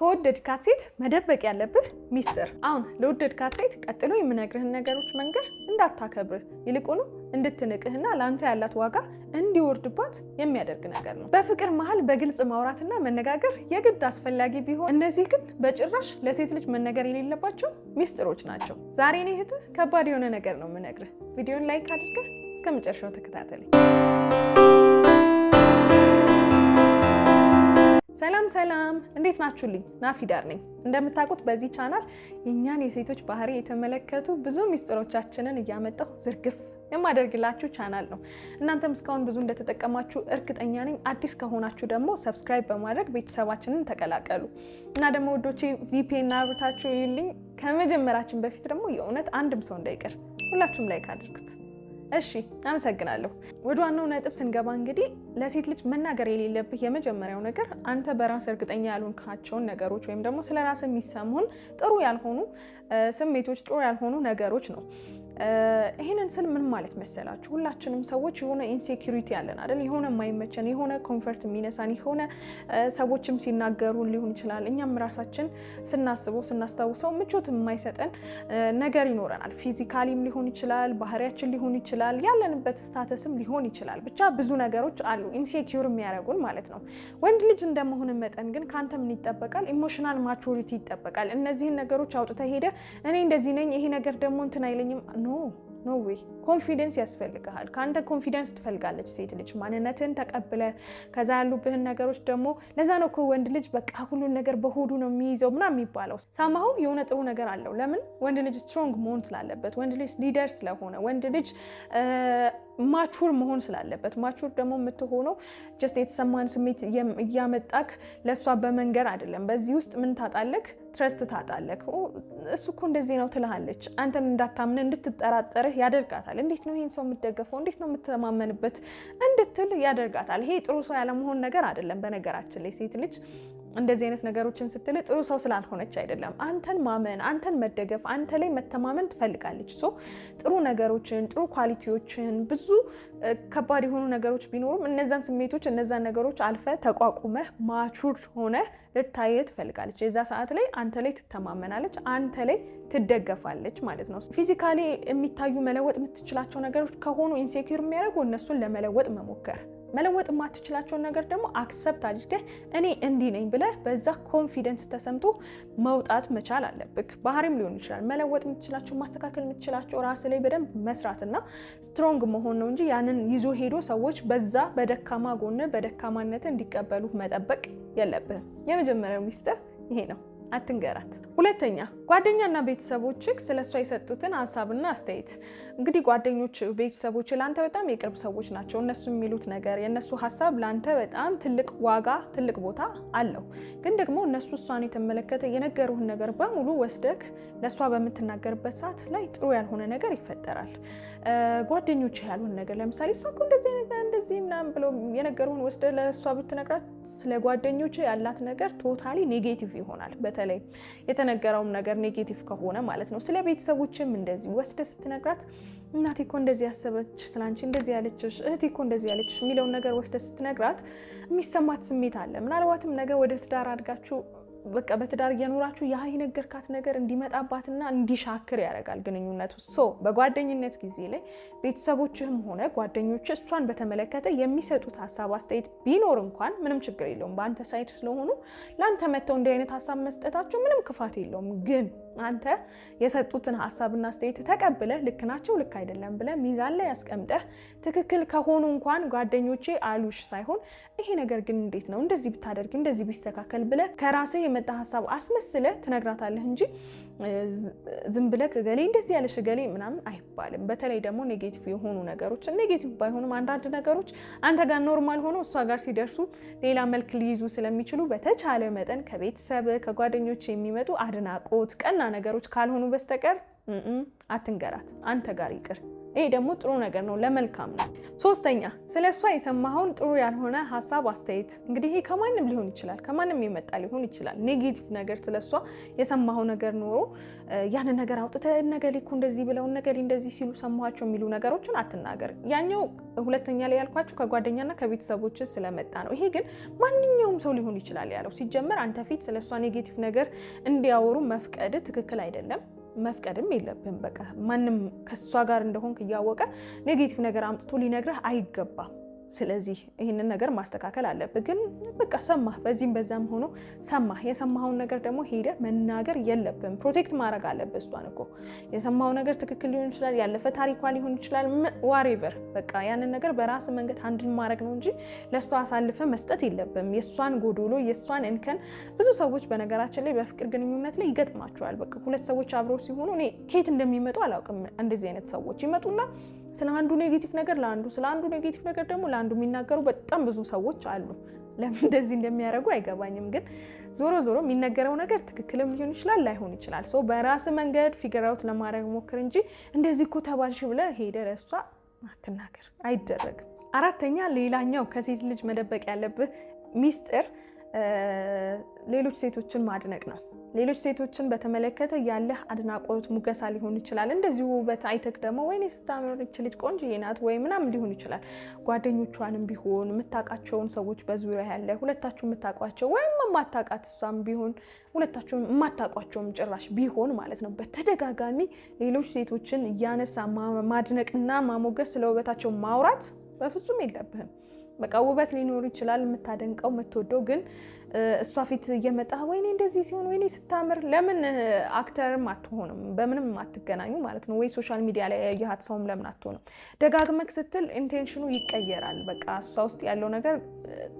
ከወደድካት ሴት መደበቅ ያለብህ ሚስጥር። አሁን ለወደድካት ሴት ቀጥሎ የምነግርህን ነገሮች መንገር እንዳታከብርህ ይልቁኑ እንድትንቅህና ለአንተ ያላት ዋጋ እንዲወርድባት የሚያደርግ ነገር ነው። በፍቅር መሀል በግልጽ ማውራትና መነጋገር የግድ አስፈላጊ ቢሆን፣ እነዚህ ግን በጭራሽ ለሴት ልጅ መነገር የሌለባቸው ሚስጥሮች ናቸው። ዛሬ እኔ እህትህ ከባድ የሆነ ነገር ነው የምነግርህ። ቪዲዮን ላይክ አድርገህ እስከ መጨረሻው ተከታተለኝ። ሰላም ሰላም፣ እንዴት ናችሁልኝ? ናፊዳር ነኝ። እንደምታውቁት በዚህ ቻናል የእኛን የሴቶች ባህሪ የተመለከቱ ብዙ ሚስጥሮቻችንን እያመጣሁ ዝርግፍ የማደርግላችሁ ቻናል ነው። እናንተም እስካሁን ብዙ እንደተጠቀማችሁ እርግጠኛ ነኝ። አዲስ ከሆናችሁ ደግሞ ሰብስክራይብ በማድረግ ቤተሰባችንን ተቀላቀሉ እና ደግሞ ወዶቼ ቪፒኤን አብርታችሁ ይልኝ። ከመጀመራችን በፊት ደግሞ የእውነት አንድም ሰው እንዳይቀር ሁላችሁም ላይክ አድርጉት። እሺ አመሰግናለሁ። ወደ ዋናው ነጥብ ስንገባ እንግዲህ ለሴት ልጅ መናገር የሌለብህ የመጀመሪያው ነገር አንተ በራስ እርግጠኛ ያልሆንካቸውን ነገሮች ወይም ደግሞ ስለ ራስ የሚሰሙን ጥሩ ያልሆኑ ስሜቶች፣ ጥሩ ያልሆኑ ነገሮች ነው። ይህንን ስል ምን ማለት መሰላችሁ? ሁላችንም ሰዎች የሆነ ኢንሴኪሪቲ ያለን አይደል? የሆነ የማይመቸን የሆነ ኮንፈርት የሚነሳን የሆነ ሰዎችም ሲናገሩን ሊሆን ይችላል። እኛም ራሳችን ስናስበው ስናስታውሰው ምቾት የማይሰጠን ነገር ይኖረናል። ፊዚካሊም ሊሆን ይችላል፣ ባህሪያችን ሊሆን ይችላል፣ ያለንበት ስታተስም ሊሆን ይችላል። ብቻ ብዙ ነገሮች አሉ ኢንሴኪዩር የሚያደርጉን ማለት ነው። ወንድ ልጅ እንደመሆን መጠን ግን ከአንተ ምን ይጠበቃል? ኢሞሽናል ማቹሪቲ ይጠበቃል። እነዚህን ነገሮች አውጥተህ ሄደ እኔ እንደዚህ ነኝ፣ ይሄ ነገር ደግሞ እንትን አይለኝም ኖ ኖ ዌይ ኮንፊደንስ ያስፈልግሃል። ከአንተ ኮንፊደንስ ትፈልጋለች ሴት ልጅ ማንነትን ተቀብለ ከዛ ያሉብህን ነገሮች ደግሞ ለዛ ነው እኮ ወንድ ልጅ በቃ ሁሉን ነገር በሆዱ ነው የሚይዘው ምናምን የሚባለው። ሳማሁ የሆነ ጥሩ ነገር አለው። ለምን ወንድ ልጅ ስትሮንግ መሆን ስላለበት፣ ወንድ ልጅ ሊደር ስለሆነ፣ ወንድ ልጅ ማቹር መሆን ስላለበት ማቹር ደግሞ የምትሆነው ጀስት የተሰማን ስሜት እያመጣክ ለእሷ በመንገር አይደለም። በዚህ ውስጥ ምን ታጣለክ? ትረስት ታጣለክ። እሱ እኮ እንደዚህ ነው ትልሃለች። አንተን እንዳታምን እንድትጠራጠርህ ያደርጋታል። እንዴት ነው ይህን ሰው የምትደገፈው? እንዴት ነው የምትተማመንበት? እንድትል ያደርጋታል። ይሄ ጥሩ ሰው ያለመሆን ነገር አይደለም። በነገራችን ላይ ሴት ልጅ እንደዚህ አይነት ነገሮችን ስትል ጥሩ ሰው ስላልሆነች አይደለም። አንተን ማመን፣ አንተን መደገፍ፣ አንተ ላይ መተማመን ትፈልጋለች። ሶ ጥሩ ነገሮችን፣ ጥሩ ኳሊቲዎችን፣ ብዙ ከባድ የሆኑ ነገሮች ቢኖሩም እነዛን ስሜቶች እነዛን ነገሮች አልፈ ተቋቁመህ ማቹር ሆነ ልታየ ትፈልጋለች። የዛ ሰዓት ላይ አንተ ላይ ትተማመናለች፣ አንተ ላይ ትደገፋለች ማለት ነው። ፊዚካሊ የሚታዩ መለወጥ የምትችላቸው ነገሮች ከሆኑ ኢንሴኪር የሚያደርጉ እነሱን ለመለወጥ መሞከር መለወጥ የማትችላቸውን ነገር ደግሞ አክሰፕት አድርገህ እኔ እንዲህ ነኝ ብለህ በዛ ኮንፊደንስ ተሰምቶ መውጣት መቻል አለብክ። ባህሪም ሊሆን ይችላል። መለወጥ የምትችላቸው ማስተካከል የምትችላቸው ራስ ላይ በደንብ መስራትና ስትሮንግ መሆን ነው እንጂ ያንን ይዞ ሄዶ ሰዎች በዛ በደካማ ጎን በደካማነት እንዲቀበሉ መጠበቅ የለብህም። የመጀመሪያው ሚስጥር ይሄ ነው፣ አትንገራት። ሁለተኛ ጓደኛና ቤተሰቦች ስለ እሷ የሰጡትን ሀሳብና አስተያየት። እንግዲህ ጓደኞች፣ ቤተሰቦች ለአንተ በጣም የቅርብ ሰዎች ናቸው። እነሱ የሚሉት ነገር፣ የእነሱ ሀሳብ ለአንተ በጣም ትልቅ ዋጋ፣ ትልቅ ቦታ አለው። ግን ደግሞ እነሱ እሷን የተመለከተ የነገሩህን ነገር በሙሉ ወስደህ ለእሷ በምትናገርበት ሰዓት ላይ ጥሩ ያልሆነ ነገር ይፈጠራል። ጓደኞች ያሉን ነገር ለምሳሌ እሷ እንደዚህ እንደዚህ እንደዚህ ምናምን ብለው የነገሩህን ወስደ ለእሷ ብትነግራት ስለ ጓደኞች ያላት ነገር ቶታሊ ኔጌቲቭ ይሆናል። በተለይ የተነገረውም ነገር ኔጌቲቭ ከሆነ ማለት ነው። ስለ ቤተሰቦችም እንደዚህ ወስደ ስትነግራት እናቴ እኮ እንደዚህ ያሰበች ስላንቺ እንደዚህ ያለችሽ፣ እህቴ እኮ እንደዚህ ያለችሽ የሚለውን ነገር ወስደ ስትነግራት የሚሰማት ስሜት አለ። ምናልባትም ነገር ወደ ትዳር አድጋችሁ በቃ በትዳር እየኖራችሁ ያ የነገርካት ነገር እንዲመጣባትና እንዲሻክር ያደርጋል ግንኙነቱ። ሶ በጓደኝነት ጊዜ ላይ ቤተሰቦችህም ሆነ ጓደኞች እሷን በተመለከተ የሚሰጡት ሀሳብ አስተያየት ቢኖር እንኳን ምንም ችግር የለውም። በአንተ ሳይድ ስለሆኑ ለአንተ መጥተው እንዲህ አይነት ሀሳብ መስጠታቸው ምንም ክፋት የለውም። ግን አንተ የሰጡትን ሀሳብና አስተያየት ተቀብለህ ልክ ናቸው ልክ አይደለም ብለህ ሚዛን ላይ ያስቀምጠህ ትክክል ከሆኑ እንኳን ጓደኞቼ አሉሽ ሳይሆን ይሄ ነገር ግን እንዴት ነው እንደዚህ ብታደርግ እንደዚህ ቢስተካከል ብለህ ከራስህ የመጣ ሀሳብ አስመስለህ ትነግራታለህ እንጂ ዝም ብለህ እገሌ እንደዚህ ያለሽ እገሌ ምናምን አይባልም። በተለይ ደግሞ ኔጌቲቭ የሆኑ ነገሮች ኔጌቲቭ ባይሆኑም አንዳንድ ነገሮች አንተ ጋር ኖርማል ሆኖ እሷ ጋር ሲደርሱ ሌላ መልክ ሊይዙ ስለሚችሉ በተቻለ መጠን ከቤተሰብ ከጓደኞች የሚመጡ አድናቆት፣ ቀና ነገሮች ካልሆኑ በስተቀር አትንገራት። አንተ ጋር ይቅር። ይሄ ደግሞ ጥሩ ነገር ነው፣ ለመልካም ነው። ሶስተኛ ስለ እሷ የሰማኸውን ጥሩ ያልሆነ ሀሳብ፣ አስተያየት እንግዲህ ይሄ ከማንም ሊሆን ይችላል፣ ከማንም የመጣ ሊሆን ይችላል። ኔጌቲቭ ነገር ስለ እሷ የሰማኸው ነገር ኖሮ ያንን ነገር አውጥተህ ነገሌ እኮ እንደዚህ ብለው ነገሌ እንደዚህ ሲሉ ሰማኋቸው የሚሉ ነገሮችን አትናገር። ያኛው ሁለተኛ ላይ ያልኳቸው ከጓደኛና ከቤተሰቦች ስለመጣ ነው። ይሄ ግን ማንኛውም ሰው ሊሆን ይችላል ያለው። ሲጀመር አንተ ፊት ስለ እሷ ኔጌቲቭ ነገር እንዲያወሩ መፍቀድ ትክክል አይደለም። መፍቀድም የለብን። በቃ ማንም ከእሷ ጋር እንደሆንክ እያወቀ ኔጌቲቭ ነገር አምጥቶ ሊነግረህ አይገባም። ስለዚህ ይህንን ነገር ማስተካከል አለብህ። ግን በቃ ሰማህ፣ በዚህም በዛም ሆኖ ሰማህ። የሰማኸውን ነገር ደግሞ ሄደህ መናገር የለብህም። ፕሮቴክት ማድረግ አለብህ እሷን። እኮ የሰማው ነገር ትክክል ሊሆን ይችላል፣ ያለፈ ታሪኳ ሊሆን ይችላል። ዋሬቨር በቃ ያንን ነገር በራስ መንገድ አንድን ማድረግ ነው እንጂ ለእሷ አሳልፈ መስጠት የለብህም። የእሷን ጎዶሎ፣ የእሷን እንከን። ብዙ ሰዎች በነገራችን ላይ በፍቅር ግንኙነት ላይ ይገጥማቸዋል። በቃ ሁለት ሰዎች አብረው ሲሆኑ እኔ ኬት እንደሚመጡ አላውቅም። እንደዚህ አይነት ሰዎች ይመጡና ስለ አንዱ ኔጌቲቭ ነገር ለአንዱ ስለ አንዱ ኔጌቲቭ ነገር ደግሞ ለአንዱ የሚናገሩ በጣም ብዙ ሰዎች አሉ። ለምን እንደዚህ እንደሚያደርጉ አይገባኝም። ግን ዞሮ ዞሮ የሚነገረው ነገር ትክክልም ሊሆን ይችላል ላይሆን ይችላል። ሰው በራስ መንገድ ፊገር አውት ለማድረግ ሞክር እንጂ እንደዚህ እኮ ተባልሽ ብለ ሄደ ለእሷ አትናገር፣ አይደረግም። አራተኛ፣ ሌላኛው ከሴት ልጅ መደበቅ ያለብህ ሚስጥር ሌሎች ሴቶችን ማድነቅ ነው። ሌሎች ሴቶችን በተመለከተ ያለህ አድናቆት ሙገሳ ሊሆን ይችላል። እንደዚሁ ውበት አይተክ ደግሞ ወይኔ ስታምር ይች ልጅ ቆንጆዬ ናት ወይ ምናምን ሊሆን ይችላል። ጓደኞቿንም ቢሆን የምታውቃቸውን ሰዎች በዙሪያ ያለ ሁለታችሁ የምታውቋቸው ወይም የማታውቃት እሷም ቢሆን ሁለታችሁ የማታውቋቸውም ጭራሽ ቢሆን ማለት ነው። በተደጋጋሚ ሌሎች ሴቶችን እያነሳ ማድነቅና ማሞገስ ስለ ውበታቸው ማውራት በፍጹም የለብህም። በቃ ውበት ሊኖር ይችላል የምታደንቀው የምትወደው፣ ግን እሷ ፊት እየመጣ ወይኔ እንደዚህ ሲሆን ወይኔ ስታምር ለምን አክተርም አትሆንም? በምንም አትገናኙ ማለት ነው። ወይ ሶሻል ሚዲያ ላይ ያየሃት ሰውም ለምን አትሆንም? ደጋግመክ ስትል ኢንቴንሽኑ ይቀየራል። በቃ እሷ ውስጥ ያለው ነገር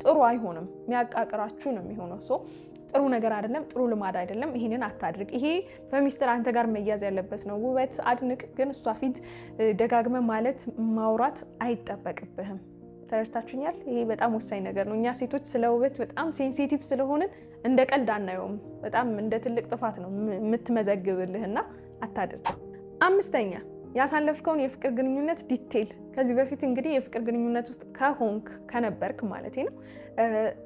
ጥሩ አይሆንም፣ የሚያቃቅራችሁ ነው የሚሆነው ሰው ጥሩ ነገር አይደለም፣ ጥሩ ልማድ አይደለም። ይሄንን አታድርግ። ይሄ በሚስጥር አንተ ጋር መያዝ ያለበት ነው። ውበት አድንቅ፣ ግን እሷ ፊት ደጋግመ ማለት ማውራት አይጠበቅብህም። ተረድታችሁኛል? ይሄ በጣም ወሳኝ ነገር ነው። እኛ ሴቶች ስለ ውበት በጣም ሴንሲቲቭ ስለሆንን እንደ ቀልድ አናየውም። በጣም እንደ ትልቅ ጥፋት ነው የምትመዘግብልህና አታደርገው። አምስተኛ ያሳለፍከውን የፍቅር ግንኙነት ዲቴል። ከዚህ በፊት እንግዲህ የፍቅር ግንኙነት ውስጥ ከሆንክ ከነበርክ ማለት ነው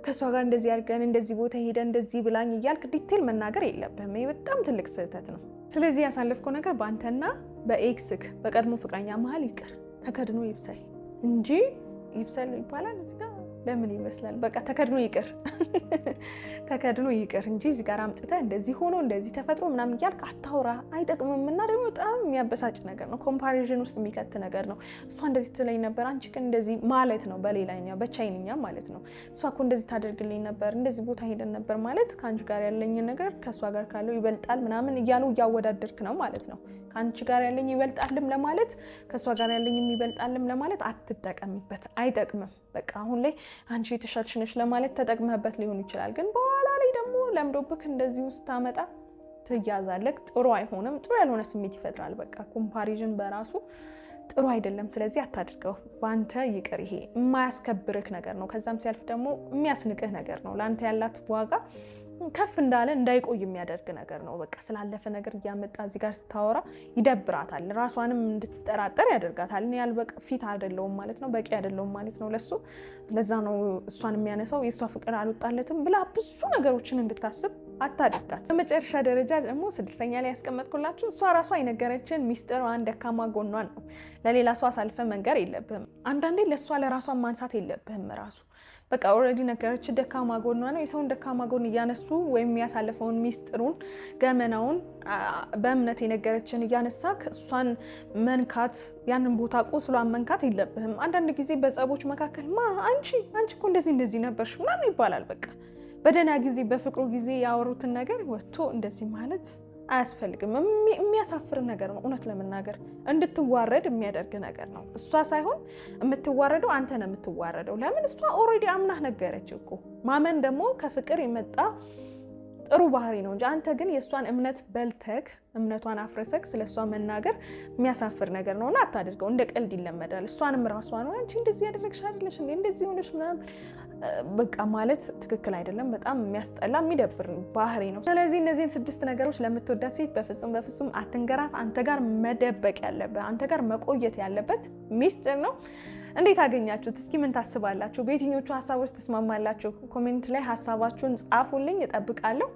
ከእሷ ጋር እንደዚህ አድርገን እንደዚህ ቦታ ሄደን እንደዚህ ብላኝ እያልክ ዲቴል መናገር የለብህም። ይህ በጣም ትልቅ ስህተት ነው። ስለዚህ ያሳለፍከው ነገር በአንተና በኤክስክ በቀድሞ ፍቅረኛ መሀል ይቅር፣ ተከድኖ ይብሰል እንጂ ይብሰሉ ይባላል እዚህ ጋር ለምን ይመስላል? በቃ ተከድኖ ይቅር ተከድኖ ይቅር እንጂ እዚህ ጋር አምጥተህ እንደዚህ ሆኖ እንደዚህ ተፈጥሮ ምናምን እያልክ አታውራ፣ አይጠቅምም። እና ደግሞ በጣም የሚያበሳጭ ነገር ነው። ኮምፓሪዥን ውስጥ የሚከት ነገር ነው። እሷ እንደዚህ ትለኝ ነበር፣ አንቺ ግን እንደዚህ ማለት ነው። በሌላኛ በቻይንኛ ማለት ነው። እሷ እኮ እንደዚህ ታደርግልኝ ነበር፣ እንደዚህ ቦታ ሄደን ነበር ማለት ከአንቺ ጋር ያለኝ ነገር ከእሷ ጋር ካለው ይበልጣል ምናምን እያሉ እያወዳደርክ ነው ማለት ነው። ከአንቺ ጋር ያለኝ ይበልጣልም ለማለት ከእሷ ጋር ያለኝም ይበልጣልም ለማለት አትጠቀምበት፣ አይጠቅምም። በቃ አሁን ላይ አንቺ የተሻልሽ ነሽ ለማለት ተጠቅመህበት ሊሆን ይችላል። ግን በኋላ ላይ ደግሞ ለምዶብክ እንደዚህ ውስጥ ታመጣ ትያዛለክ። ጥሩ አይሆንም። ጥሩ ያልሆነ ስሜት ይፈጥራል። በቃ ኮምፓሪዥን በራሱ ጥሩ አይደለም። ስለዚህ አታድርገው። በአንተ ይቅር። ይሄ የማያስከብርህ ነገር ነው። ከዛም ሲያልፍ ደግሞ የሚያስንቅህ ነገር ነው። ለአንተ ያላት ዋጋ ከፍ እንዳለ እንዳይቆይ የሚያደርግ ነገር ነው። በቃ ስላለፈ ነገር እያመጣ እዚህ ጋር ስታወራ ይደብራታል፣ ራሷንም እንድትጠራጠር ያደርጋታል። እኔ ያልበቃ ፊት አይደለውም ማለት ነው፣ በቂ አይደለውም ማለት ነው ለሱ። ለዛ ነው እሷን የሚያነሳው የእሷ ፍቅር አልወጣለትም ብላ ብዙ ነገሮችን እንድታስብ አታድርጋት። በመጨረሻ ደረጃ ደግሞ ስድስተኛ ላይ ያስቀመጥኩላችሁ እሷ ራሷ የነገረችን ሚስጥሯን ደካማ ጎኗን ነው። ለሌላ ሰው አሳልፈ መንገር የለብህም። አንዳንዴ ለእሷ ለራሷ ማንሳት የለብህም። ራሱ በቃ ኦልሬዲ ነገረችን ደካማ ጎኗ ነው። የሰውን ደካማ ጎን እያነሱ ወይም የሚያሳልፈውን ሚስጥሩን፣ ገመናውን በእምነት የነገረችን እያነሳክ እሷን መንካት፣ ያንን ቦታ ቁስሏን መንካት የለብህም። አንዳንድ ጊዜ በጸቦች መካከል ማ አንቺ አንቺ እኮ እንደዚህ እንደዚህ ነበርሽ ምናምን ይባላል በቃ በደህና ጊዜ በፍቅሩ ጊዜ ያወሩትን ነገር ወጥቶ እንደዚህ ማለት አያስፈልግም። የሚያሳፍር ነገር ነው። እውነት ለመናገር እንድትዋረድ የሚያደርግ ነገር ነው። እሷ ሳይሆን የምትዋረደው አንተ ነው የምትዋረደው። ለምን እሷ ኦልሬዲ አምናህ ነገረች እኮ። ማመን ደግሞ ከፍቅር የመጣ ጥሩ ባህሪ ነው እንጂ አንተ ግን የእሷን እምነት በልተክ እምነቷን አፍረሰክ ስለ እሷ መናገር የሚያሳፍር ነገር እና አታደርገው። እንደ ቀልድ ይለመዳል። እሷንም ራሷ ነው አንቺ እንደዚህ ያደረግሽ አይደለሽ እንደዚህ ሆነሽ ምናምን በቃ ማለት ትክክል አይደለም። በጣም የሚያስጠላ የሚደብር ባህሪ ነው። ስለዚህ እነዚህን ስድስት ነገሮች ለምትወዳት ሴት በፍጹም በፍጹም አትንገራት። አንተ ጋር መደበቅ ያለበት አንተ ጋር መቆየት ያለበት ሚስጥር ነው። እንዴት አገኛችሁት? እስኪ ምን ታስባላችሁ? በየትኞቹ ሀሳቦች ትስማማላችሁ? ኮሜንት ላይ ሀሳባችሁን ጻፉልኝ፣ እጠብቃለሁ።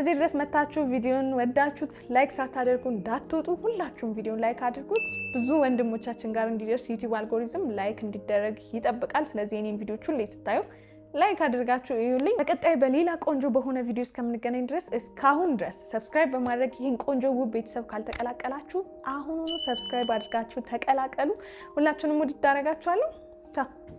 እዚህ ድረስ መታችሁ ቪዲዮን ወዳችሁት ላይክ ሳታደርጉ እንዳትወጡ። ሁላችሁም ቪዲዮን ላይክ አድርጉት። ብዙ ወንድሞቻችን ጋር እንዲደርስ ዩቲዩብ አልጎሪዝም ላይክ እንዲደረግ ይጠብቃል። ስለዚህ የኔን ቪዲዮች ሁሌ ስታዩ ላይክ አድርጋችሁ እዩልኝ። በቀጣይ በሌላ ቆንጆ በሆነ ቪዲዮ እስከምንገናኝ ድረስ እስካሁን ድረስ ሰብስክራይብ በማድረግ ይህን ቆንጆ ውብ ቤተሰብ ካልተቀላቀላችሁ አሁኑኑ ሰብስክራይብ አድርጋችሁ ተቀላቀሉ። ሁላችሁንም ውድድ አደርጋችኋለሁ። ቻው